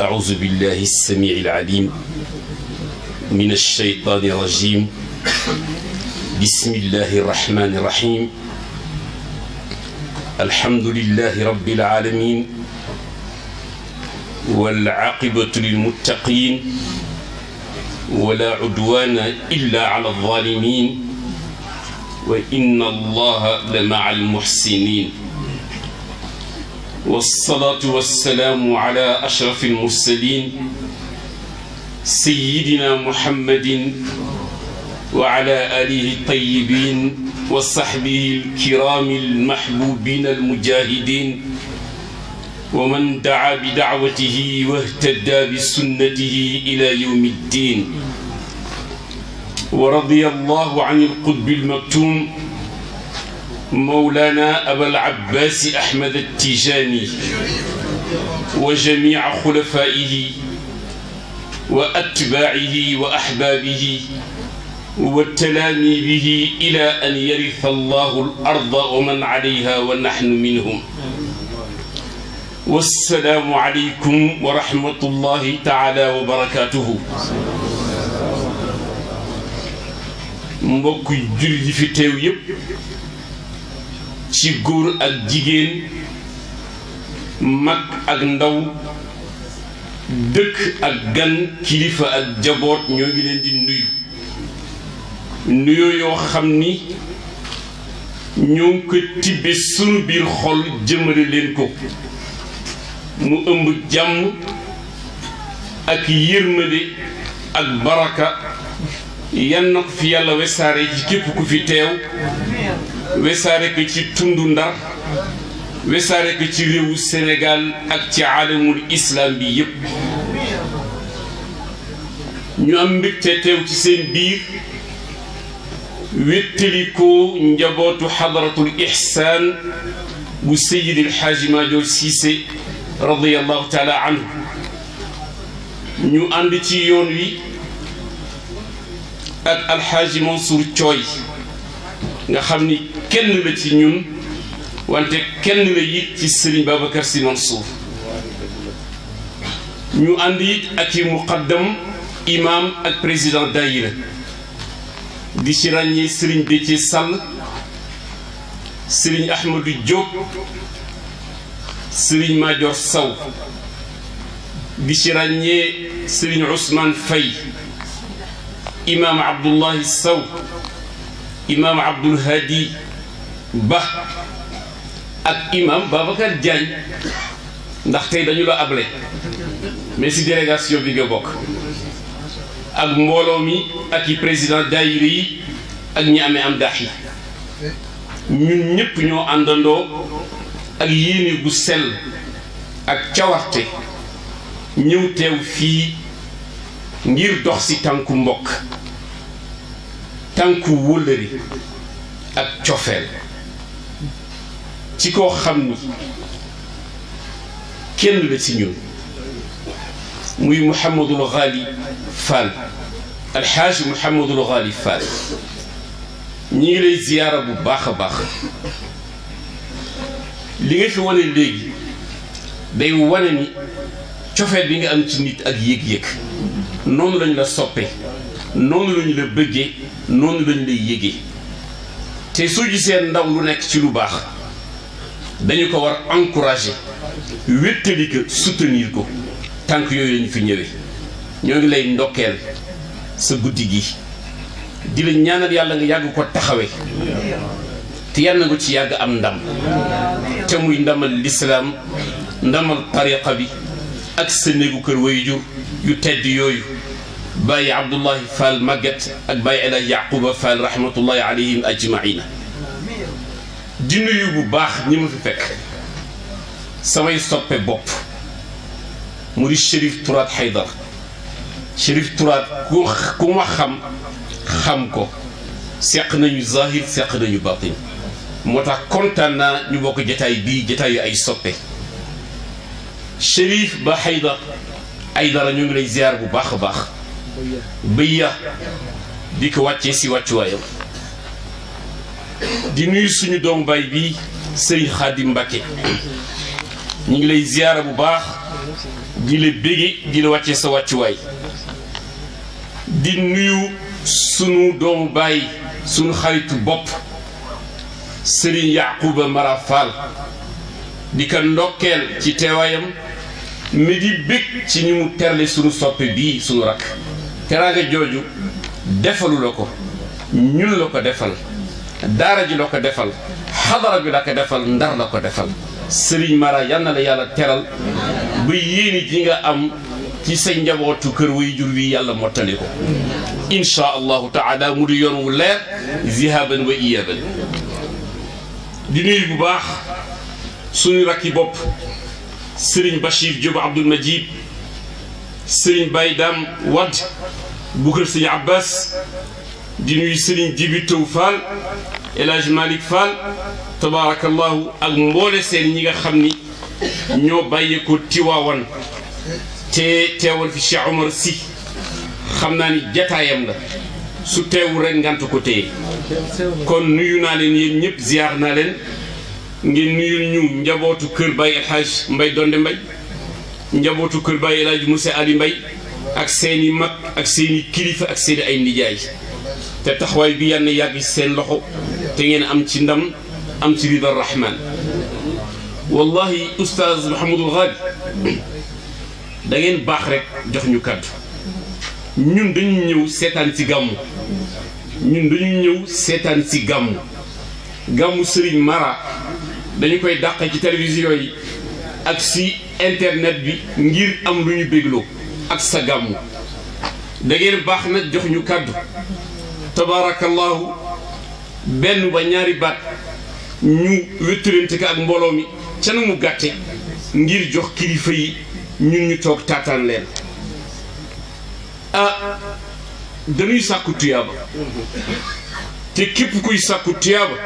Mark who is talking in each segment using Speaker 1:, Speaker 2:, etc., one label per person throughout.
Speaker 1: أعوذ بالله السميع العليم من الشيطان الرجيم بسم الله الرحمن الرحيم الحمد لله رب العالمين والعاقبة للمتقين ولا عدوان إلا على الظالمين وإن الله لمع المحسنين والصلاة والسلام على أشرف المرسلين سيدنا محمد وعلى آله الطيبين وصحبه الكرام المحبوبين المجاهدين ومن دعا بدعوته واهتدى بسنته إلى يوم الدين ورضي الله عن القطب المكتوم مولانا أبا العباس أحمد التجاني وجميع خلفائه وأتباعه وأحبابه وتلاميذه إلى أن يرث الله الأرض ومن عليها ونحن منهم والسلام عليكم ورحمة الله تعالى وبركاته مبكي julli في تيويب ci góor ak jigéen mag ak ndaw dëkk ak gan kilifa ak jaboot ñoo ngi leen di nuyu nuyoo yoo xam ni ñoo ngi ko tibbe sunu biir xol jëmale leen ko mu ëmb jàmm ak yërmande ak baraka yan na ko fi yàlla wesaare ci képp ku fi teew wesaare ko ci tundu ndar wesaare ko ci réewu Sénégal ak ci alamul islam bi yépp ñu am mbégte teew ci seen biir wéttali ko njabootu xadaratul ixsaan bu Seydil Xaaji Maajoor Siise radiyallahu taala ñu ànd ci yoon wi ak alxaaji Mansour choy nga xamni kenn la ci ñun wante kenn la yi ci Serigne Babacar si Mansour ñu andi ak i muqaddam imam ak président daïra di ci ragné Serigne Déthié Sall Serigne Ahmadou Diop Serigne Madior saw di ci ragné Serigne Ousmane Faye imaam abdullahi saw imaam abdul hadi ba ak imaam babacar diagne ndax tey dañu la able mais si délégation bi nga bokk ak mbooloo mi ak i président daayira yi ak ñi amee am daax yi ñun ñëpp ñoo àndandoo ak yéene gu sell ak cawarte ñëw teew fii ngir dox si tànku mbokk tànku wëllëri ak tiofel ci ko xamni kenn la ci ñun muy Mouhamadul Ghali Fall alxaaji Mouhamadul Ghali Fall ñi ngi lay ziyara bu baax a baax li nga fi wone legi day wone ni tiofel bi nga am ci nit ak yëg-yëg non lañ la soppe noonu lañu la bëggee noonu lañu lay yëgee te soo gisee ndaw lu nekk ci lu baax dañu ko war encourager wéttali ko soutenir ko tànk yooyu lañu fi ñëwee ñoo ngi lay ndokkeel sa guddi gi di la ñaanal yàlla nga yàgg ko taxawe te yàlla ci yàgg am ndam te muy ndamal lislaam ndamal tariqa bi ak sa néegu kër wayjur yu tedd yooyu bàyyi Abdoulaye Fall Maguette ak bàyyi El Hadj Yacouba Fall rahmatullahi alayhim ajmaina di nuyu bu baax ñi ma fi fekk samay soppe bopp mu di Chérif Tourate Haydara Chérif Tourate ku ku ma xam xam ko seq nañu zahir seq nañu batin moo tax kontaan naa ñu bokk jataay bii jataay yu ay soppe Chérif ba Haydara ay dara ñu ngi lay ziar bu baax a baax bëyya di ko wàccee si wàccuwaayam di nuyu suñu doom bay bi sëriñ Xaadim Mbàkke ñu ngi lay ziyaara bu baax di la bége di la wàccee sa wàccuwaay di nuyu sunu doomu baay sunu xaritu bopp sëriñ Yaquba Mara di ko ndokkeel ci teewaayam mais di bég ci ñu mu terle sunu soppe bii sunu rakk teraanga jooju defalu ko ñun la ko defal daara ji la ko defal xadara bi la ko defal ndar la ko defal sëriñ Mara yal yàlla teral ba yéene ji nga am ci sa njabootu kër way jur wi yàlla mottali ko insha allahu taala mu di yoon wu leer zihaban wa iyaban di nuyu bu baax suñu rakki bopp sëriñ Bachir Diop Abdoul Majid sëriñ Baye Dame Wade bu kër sëriñ Abbas di nuyu sëriñ Jibi Taw Fall El Hadj Malick Fall tabaarakallahu ak mboole seen ñi nga xam ni ñoo bàyyeekoo Tiwaawan te teewal fi Cheikh Omar Sy xam naa ni jataayam la su teewul rek ngant ko téye kon nuyu naa leen yéen ñëpp ziar naa leen ngeen nuyul ñu njabootu kër Baye El Hadj Mbaye Donde Mbaye njabootu kër Baye El Hadj Moussa Ali ak seeni i mag ak seen kilifa ak seen ay nijaay te taxawaay bi yàlla na yàgg seen loxo te ngeen am ci ndam am ci riba rahman wallahi oustaz Mouhamadou Ghali da ngeen baax rek jox ñu kàddu ñun dañu ñëw seetaan ci gàmmu ñun dañu ñëw seetaan ci gàmmu gàmmu Serigne Mara dañu koy dàq ci télévision yi ak si internet bi ngir am lu ñu bégloo ak sa gàmmu da baax na jox ñu kàddu tabaarakallaahu benn ba ñaari baat ñu wétturante ko ak mbooloo mi ca na mu gàtte ngir jox kilifa yi ñun ñu toog taataan leen ah dañuy sàkku tuyaaba te képp kuy sàkku tuyaaba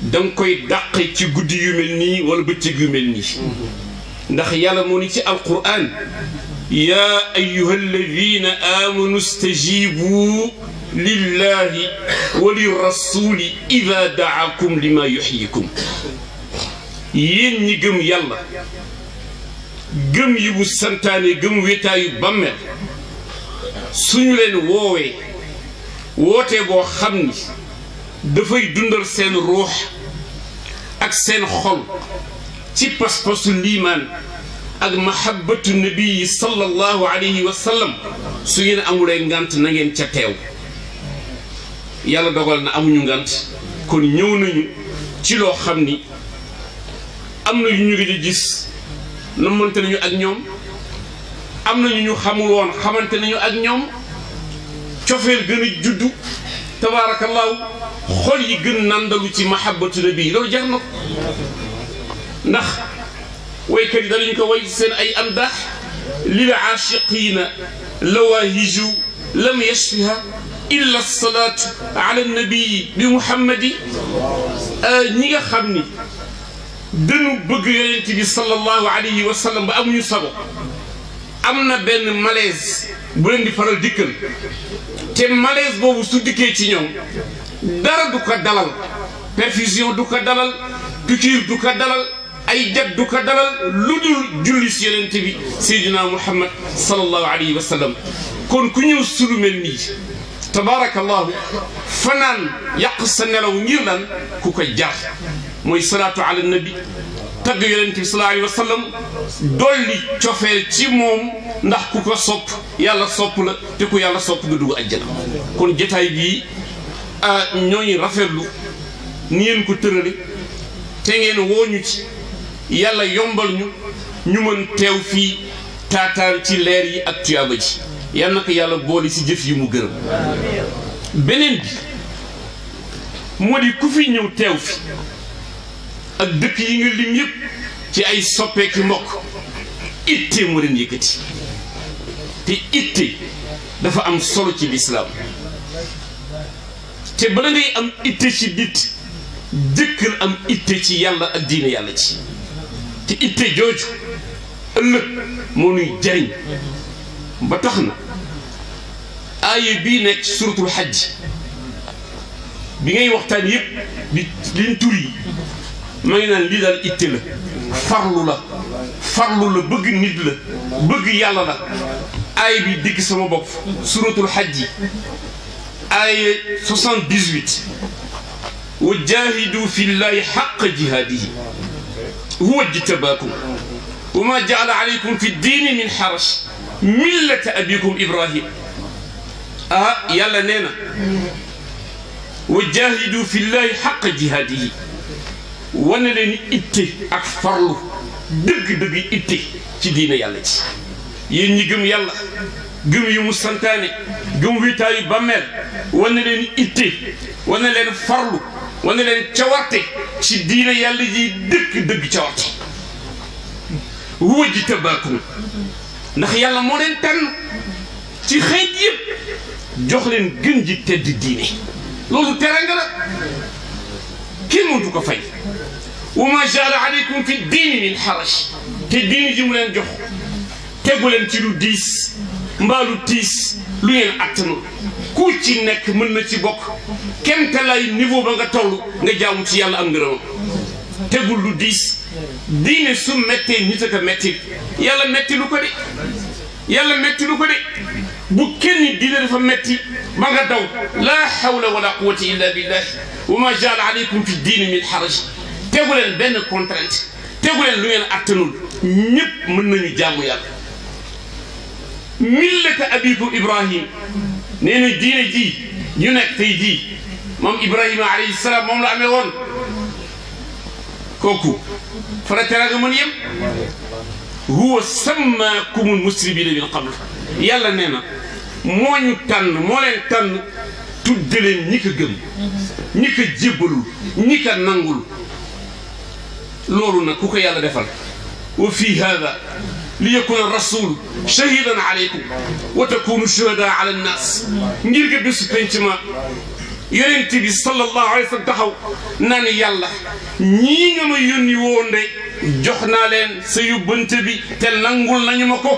Speaker 1: danga koy dàq ci guddi yu mel nii wala bëccëg yu mel nii نخيال مونيك القرآن يا أيها الذين آمنوا استجيبوا لله وللرسول إذا دعاكم لما يحييكم ينجم يلا جم يبو سنتاني جم ويتا يبامل سنلين ووي ووتي بو خمني دفاي دندر سين روح اك سين خلق ci pas-pasu liimaan ak mahabbatu nabii sallallahu alayhi wa sallam su ngeen amulee ngant na ngeen ca teew yàlla dogal na amuñu ngant kon ñëw nañu ci loo xam ni am na yu ñu ngi di nañu ak ñoom am na ñu ñu xamante nañu ak ñoom cofeel gën a juddu tabaarakallaahu xol yi gën nandalu ci mahabbatu nabii loolu jar na ko نخ ويكدرين كويسين أي أمدح للعاشقين لواهج لم يشفها إلا الصلاة على النبي بمحمد أني خمني دنو بقيانتي صلى الله عليه وسلم بأم يصاب أمنا بين ماليز بين فرال ديكن تم ماليز بو سودكي دار دوكا دلال perfusion دوكا دلال بكير دوكا دلال ay jaddu ko dalal lu dul julli si yonent bi seydina muhammad sallallahu alayhi wa sallam kon ku ñëw sulu mel nii tabarakallahu fanaan yàq sa nelaw ngir lan ku ko jar mooy salaatu ala nabi tagg yonent bi sallallahu alayhi wa sallam dolli cofeel ci moom ndax ku ko sopp yàlla sopp la te ku yàlla sopp nga dugg àjjana kon jotaay bii ñooñu rafetlu ni ngeen ko tërale te ngeen wooñu ci yàlla yombal ñu ñu mën teew fii taataan ci leer yi ak tuyaaba ji yal ko yàlla boole si jëf yi mu gërëm beneen bi moo di ku fi ñëw teew fi ak dëkk yi nga lim yëpp ci ay soppeeki mbokk itte moo leen yëkkati te itte dafa am solo ci lislaam te bala ngay am itte ci nit jëkkal am itte ci yàlla ak diine yàlla ci ci itte jooju ëllëg moo nuy jariñ ba tax na aaya bii nekk suratul xajj bi ngay waxtaan yëpp di liñ tur yi ma ngi naan lii daal itte la farlu la farlu la bëgg nit la bëgg yàlla la aaya bi digg sama bopp suratul xajj aaya 78 wa jaahidu fi llahi xaq jihaadihi هو اجتباكم وما جعل عليكم في الدين من حرش ملة أبيكم إبراهيم آه يلا نينا وجاهدوا في الله حق جهاده ونلن إتي أكفر له دق دق إتي في دين يلا يني جم يلا جم يمستنتاني جم ويتاي بامل ونلن إتي ونلن فرلو wane leen cawarte ci diina yàlla ji dëgg dëgg cawarte wóoj tabaakum ndax yàlla moo leen tànn ci xeet yëpp jox leen gën ji tedd diine loolu teranga kenn mëntu ko fay wa ma jaala aleykum diini min xaraj te diini ji mu leen jox tegu leen ci lu diis mbaa tiis lu ngeen attanu ku ci nekk mën na ci bokk kente lay niveau ba nga toll nga jaamu ci yàlla am ngërëm tegul lu diis diine su mettee nit ak a metti yàlla metti lu ko de yàlla metti lu ko de bu kenn diine dafa metti ba nga daw laa hawla wala quwata illa billah wa ma jaala aleykum fi diine min haraj tegu leen benn contrainte tegu leen lu ngeen attanul ñëpp mën nañu jaamu yàlla millata abikum ibrahim نين الدين جي يونك تي جي مام إبراهيم عليه السلام مام لا أميون كوكو فرتنا من يم هو سماكم المسلمين من قبل يلا نينا مون تان مولن تان تدلين نيك جم نيك جبل نيك نانغول لولو نكوكا يلا دفل وفي هذا ليكون الرسول شهيدا عليكم وتكونوا شهداء على الناس نيرك بسبنتما يرنتي بي صلى الله عليه وسلم تخو ناني يلا نيغا ما يوني وون دي لين سيو بنت تل نانغول ناني مكو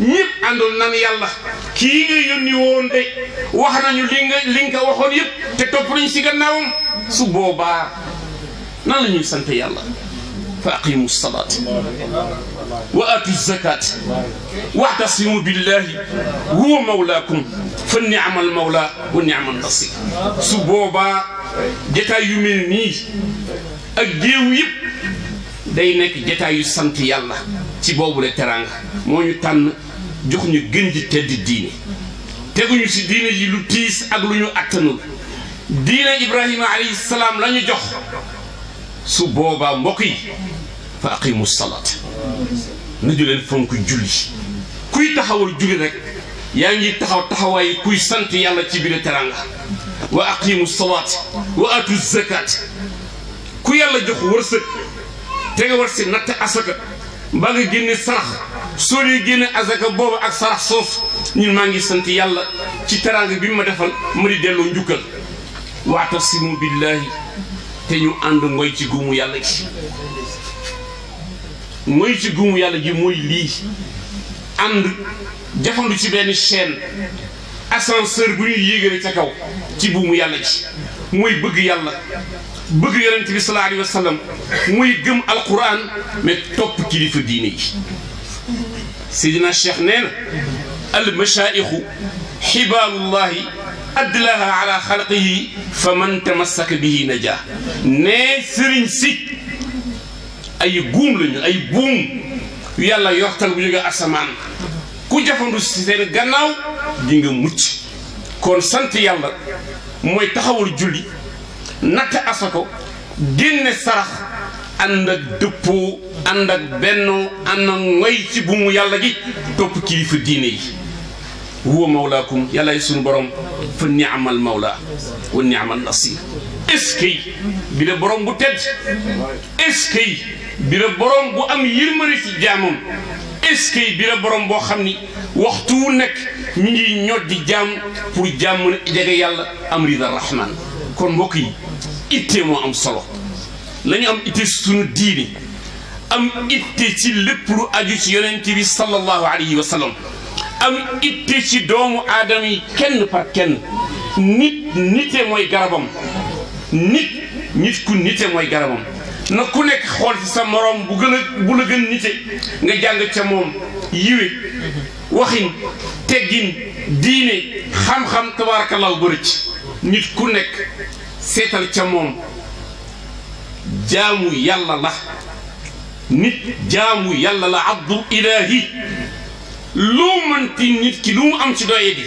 Speaker 1: نيب اندول ناني يلا كيغا يوني وون دي نيو لينغا لينكا واخون ييب تي توپ نين سي غناوم نيو سانتي يلا فاقيموا الصلاه wa aatu zakaat wa'tasimu billahi huwa mawlaakum fa ni'mal mawla wa ni'man nasir su boobaa jataay yu mel nii ak géew yëpp day nekk jataay yu sant yàlla ci boobu la teraanga moo ñu tànn jox ñu gën ji tedd diine teguñu si diine ji lu tiis ak lu ñu attanul diine Ibrahima alayhi salaam la jox su boobaa mbokk yi فاقيموا الصلاه نجل الفنك جولي كوي تحاول جولي رك يانجي تحاول تحاول كوي سنت يالا تيبيل ترانغا واقيموا الصلاه واتوا الزكاه كوي يالا جوخ ورسك تيغا ورسك نتا اسكا باغي جيني صرح سوري جيني ازكا بوبا اك صرح صوف نيل مانجي سنت يالا تي ترانغا بيما دافال مري ديلو نجوكل واعتصموا بالله تيو اند موي تي غومو يالا moy ci gumu yàlla ji moy li ànd jafandu ci ben chaîne ascenseur bu ñu yéegale ci kaw ci bumu yàlla ci moy bëgg yàlla bëgg yonent bi sallallahu alayhi wasallam moy gëm alquran mais top kilifa diine ci sidina cheikh nee na al mashaayixu xibaalullahi adlaha ala xalqihi fa man tamassaka bihi najaa nee sëriñ si ay guum lañu ay buum yu yàlla yoxtal bu jógee asamaan ku jafandu si seen gannaaw di nga mucc kon sant yàlla mooy taxawal julli natt asako génne sarax ànd ak dëppoo ànd ak bennoo ànd ak ngoy ci buumu yàlla gi topp kilifa diine yi huwa mawlaakum yàlla yi sunu borom fa niamal mawla wa niamal nasir est-ce que bi bi la borom bu am yërmande ci jaamam est-ce que boroom boo xam ni waxtu wu nekk mi ngi ñot di jaam pour jaam mën jege yàlla am rida rahman kon mbokk yi ittee moo am solo nañu am itte si sunu diini am itte ci lépp lu aju ci yonent bi sallallahu alayhi wa am itte ci doomu aadama yi kenn par kenn nit nite mooy garabam nit nit ku nite mooy garabam na ku nekk xool ci sa morom bu gën a bu la gën nite nga jàng ca moom yiwe waxin teggin diine xam-xam tabaarakallaahu bërëc nit ku nekk seetal ca moom jaamu yàlla la nit jaamu yàlla la abdu ilaahi loo mënti nit ki lu mu am ci doye di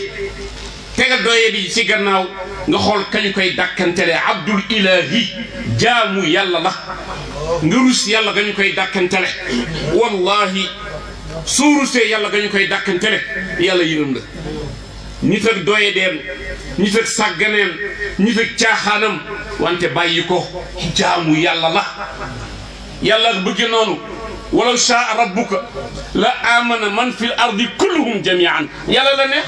Speaker 1: tegal doye bi ci gannaaw nga xol kañu koy dakantele abdul ilahi jaamu yàlla la nga rus yàlla gañ koy dakantele wallahi suru se yàlla gañ koy dakantele yàlla yinum la nit ak doye dem nit ak sàgganeem nit ak tiaxanam wante bayiko ko jaamu yàlla la yàlla ak bëgg nonu ولو شاء ربك لآمن من في الأرض كلهم جميعا يلا لا نخ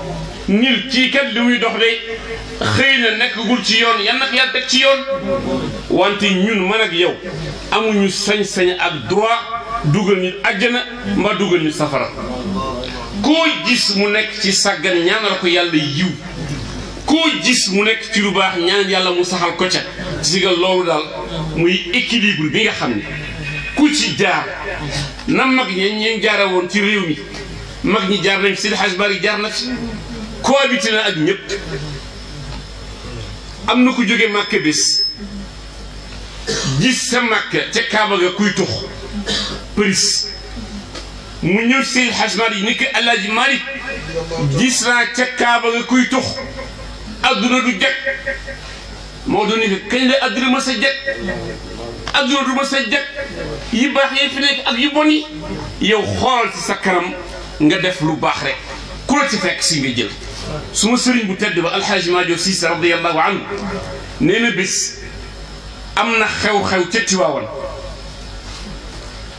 Speaker 1: nit kii kat li muy dox de xëy na nekkagul ci yoon yan nag yàlla teg ci yoon wante ñun man ak yow amuñu sañ-sañ ak droit dugal ñu àjjana mbaa dugal ñu safara koo gis mu nekk ci sàggan ñaanal ko yàlla yiw koo gis mu nekk ci lu baax ñaan yàlla mu saxal ko ca si nga loolu daal muy équilibre bi nga xam ni ku ci jaar na mag ñeen ñeen woon ci réew mi mag ñi jaar nañ Seydi Hadji Malick jaar na ci cohabité na ak ñëpp am na ko jóge màkk bés gis sa màkk ca Kaaba ga kuy tux përis mu ñëw seen xaj Malick ni ko El Hadj Malick naa ca Kaaba nga kuy tux adduna du jag moo doon ni ma sa jag adduna du ma sa jag yi baax yi fi nekk ak yu bon yi yow xool ci sa kanam nga def lu baax rek ku la ci fekk si nga jël. suma sëriñ bu tedd ba alxaaji Maajo Siise radiyallahu anhu nee na bis am na xew-xew ca Tiwaawan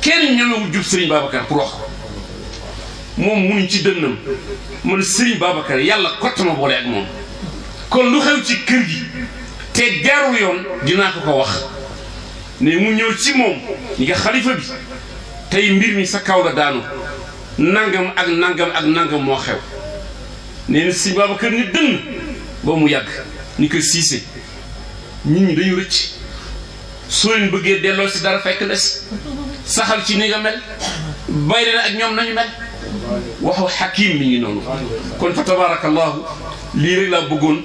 Speaker 1: kenn ñemewul jub sëriñ Babacar pour wax moom munuñ ci dënnam man sëriñ Babacar yàlla kott boole ak moom kon lu xew ci kër gi te jaarul yoon dinaa ko wax ne mu ñëw ci moom ñi nga xalifa bi tey mbir mi sa kaw la daanu nangam ak nangam ak nangam moo xew neen si Babacar ni dënn ba mu yàgg ni ko siise nit ñi dañu rëcc soo leen bëggee delloo si dara fekk la si saxal ci ni nga mel bay leen ak ñoom nañu mel waxu xakim mi ngi noonu kon fa tabarakallahu lii rek laa bëggoon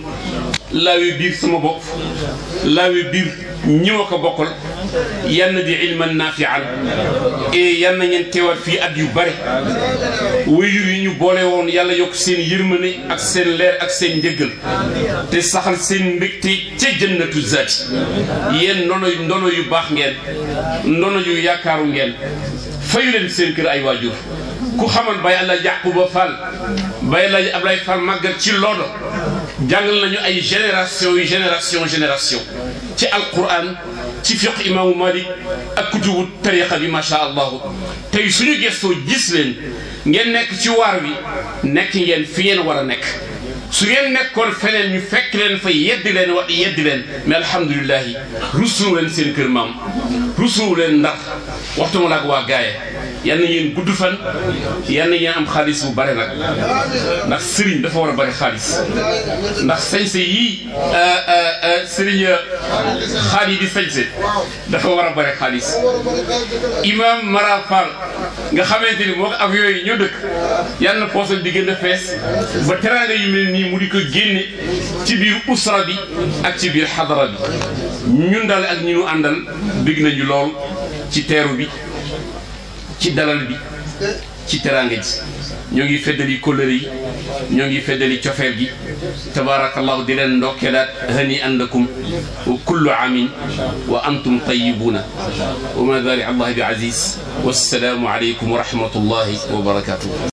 Speaker 1: laawee biir sama bopp laawee biir ñëw a ko bokkal yal na di ilman naafian et yal na ngeen teewaat fii at yu bare wayjur yi ñu boole woon yàlla yokk seen yërmande ak seen leer ak seen njëggal te saxal seen mbégte ca jënnatu zaati yéen ndono ndono yu baax ngeen ndono yu yaakaaru ngeen fayu leen seen kër ay waajur ku xamal bay àlla Yaquba Fall bay àlla Ablaye Fall màggat ci loolu jàngal nañu ay génération yu génération génération ci alquran تفق إمام مالك أكتب الطريقة بما شاء الله تيسوني جسو جسلين نجن نك تواروي نك نجن فين ورنك سوين نك كون فلن يفكرن في يدلن ويدلن ما الحمد لله رسولن سنكرمام رسولن نخ وقتم لك واقايا yal na yéen gudd fan yal na yéen am xaalis bu bare nag ndax sëriñ dafa war a bare xaalis ndax sañse yii sëriñ xaal yi di sañse dafa war a bare xaalis imam Mara Fall nga xamante ni moo ak yooyu ñoo dëkk yal na poosal di gën a fees ba teraanga yu mel nii mu di ko génne ci biir usra bi ak ci biir xadara bi ñun daal ak ñu nu àndal bég nañu lool ci teeru bi ci dalal bi ci teraanga ji ñoo ngi feddali kóllëre yi ñoo ngi feddali cofeel gi tabaarakallahu di leen ndokkeelaat hani an lakum wa kullu amin wa antum tayibuuna wa ma dalik allah bi aziz wassalaamu aleykum wa rahmatullahi
Speaker 2: wa barakatuh